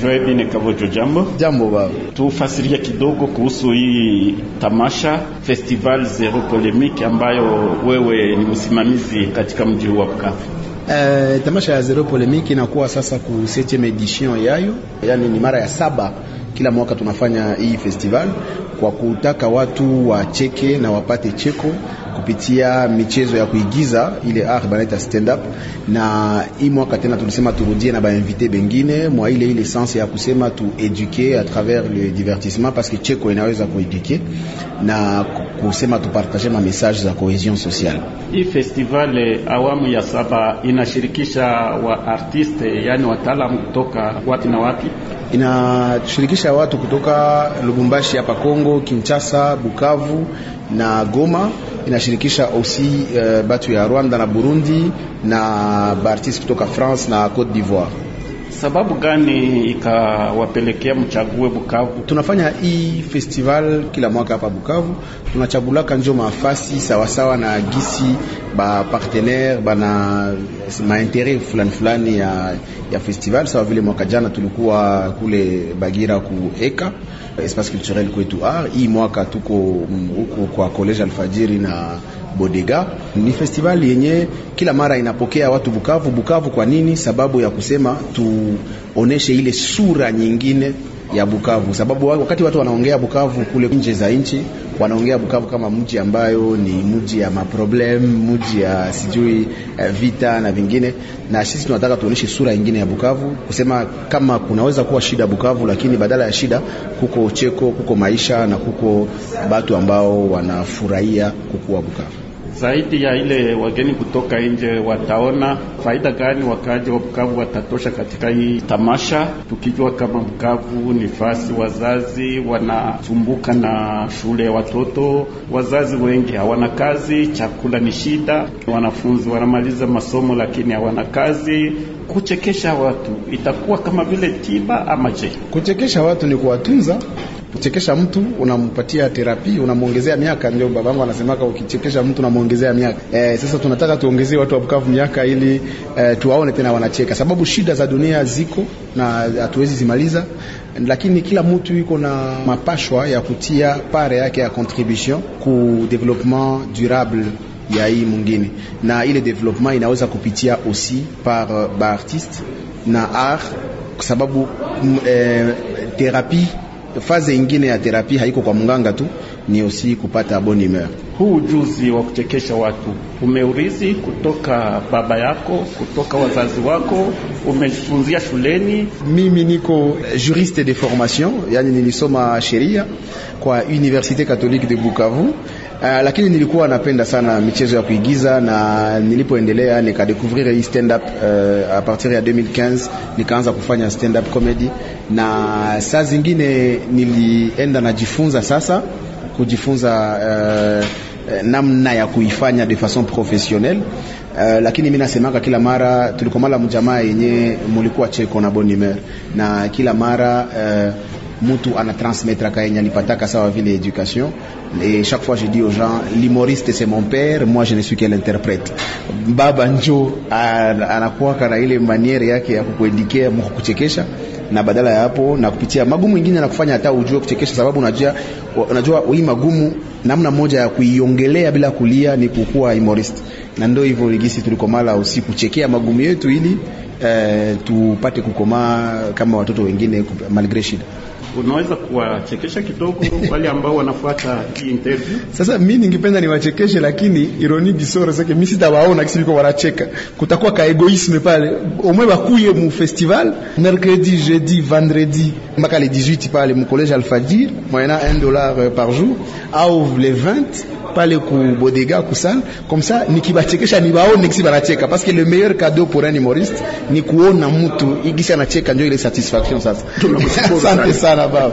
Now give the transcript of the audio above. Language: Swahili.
Joedine Kavojo, jambo. Jambo baba. Tufasiria kidogo kuhusu hii tamasha Festival Zero Polemique ambayo wewe ni msimamizi katika mji huu wa Bukavu. Uh, tamasha ya Zero Polemique inakuwa sasa ku 7 edition yayo, yani ni mara ya saba kila mwaka tunafanya hii festival kwa kutaka watu wacheke na wapate cheko kupitia michezo ya kuigiza ile art banaita stand up, na hii mwaka tena tulisema turudie na bainvite bengine mwa ile ile sense ya kusema tu eduquer à travers le divertissement, parce que cheko inaweza kueduke na kusema tupartage ma message za cohesion sociale. Hii festival eh, awamu ya saba inashirikisha wa artiste, yani wataalamu kutoka wapi na wapi? inashirikisha watu kutoka Lubumbashi hapa Kongo, Kinshasa, Bukavu na Goma. Inashirikisha osi uh, eh, batu ya Rwanda na Burundi na bartis kutoka France na Cote d'Ivoire sababu gani ikawapelekea mchague Bukavu? Tunafanya hii festival kila mwaka hapa Bukavu, tunachagulaka njo mafasi sawasawa na gisi ba partenaire bana maintere fulani fulani ya, ya festival. Sawa vile mwaka jana tulikuwa kule Bagira kueka espace culturel kwetu art, hii mwaka tuko huko kwa college Alfajiri na Bodega. Ni festivali yenye kila mara inapokea watu Bukavu. Bukavu kwa nini? Sababu ya kusema tuoneshe ile sura nyingine ya Bukavu, sababu wakati watu wanaongea Bukavu kule nje za nchi, wanaongea Bukavu kama mji ambayo ni mji ya maproblem, mji ya sijui eh, vita na vingine, na sisi tunataka tuoneshe sura nyingine ya Bukavu, kusema kama kunaweza kuwa shida Bukavu, lakini badala ya shida kuko cheko, kuko maisha na kuko watu ambao wanafurahia kukua Bukavu zaidi ya ile wageni kutoka nje wataona faida gani wakaaji wa Bukavu watatosha katika hii tamasha, tukijua kama Bukavu ni fasi wazazi wanasumbuka na shule ya watoto, wazazi wengi hawana kazi, chakula ni shida, wanafunzi wanamaliza masomo lakini hawana kazi. Kuchekesha watu itakuwa kama vile tiba ama je? Kuchekesha watu ni kuwatunza Kuchekesha mtu unampatia terapi, unamwongezea miaka. Ndio babangu anasemaka ukichekesha mtu unamwongezea miaka. E, sasa tunataka tuongezee watu wa Bukavu miaka ili e, tuwaone tena wanacheka, sababu shida za dunia ziko na hatuwezi zimaliza, lakini kila mtu yuko na mapashwa ya kutia pare yake ya contribution ku development durable ya hii mwingine, na ile development inaweza kupitia aussi par euh, ba artiste na art, kwa sababu mm, eh, therapie faze ingine ya terapi haiko kwa mganga tu, ni osi kupata bone humeur. Huu ujuzi wa kuchekesha watu umeurizi kutoka baba yako, kutoka wazazi wako, umejifunzia shuleni? Mimi niko juriste de formation, yani nilisoma sheria kwa Universite Catholique de Bukavu Uh, lakini nilikuwa napenda sana michezo ya kuigiza na nilipoendelea nikadecouvrir hii stand up uh, eh, a partir ya 2015 nikaanza kufanya stand up comedy, na saa zingine nilienda najifunza sasa kujifunza uh, namna ya kuifanya de façon professionnelle uh, lakini mimi nasemaka kila mara tulikomala mjamaa yenye mulikuwa cheko na bonimer na kila mara uh, mutu anatransmettre kaye nalipataka sawa vile education. Et chaque fois je dis aux gens, l'humoriste c'est mon père, moi je ne suis que l'interprète. Baba njo anakuwa na ile maniere yake ya kukuendikea mkukuchekesha, na badala ya hapo na kupitia magumu mengine na kufanya hata ujue kuchekesha, sababu unajua unajua wima magumu namna moja ya kuiongelea bila kulia ni kukuwa humorist, na ndio hivyo ligisi tulikomala chekea magumu yetu ili eh, tupate kukomaa kama watoto wengine malgré shida unaweza kuwachekesha kidogo wale ambao wanafuata hii interview. Sasa mimi ningependa niwachekeshe, lakini ironi disoro sasa mimi sitawaona kisi biko wanacheka, kutakuwa ka egoisme pale. Omwe bakuye mu festival mercredi, jeudi, vendredi mpaka le 18 pale mu college Alfadir, mwana 1 dola dollars euh, par jour au les 20 pale bodega, kusana comme ça qui ni nibaone kisi banacheka parce que le meilleur cadeau pour un humoriste ni kuona mtu igisi anacheka ndio ile satisfaction sasa ça sana baba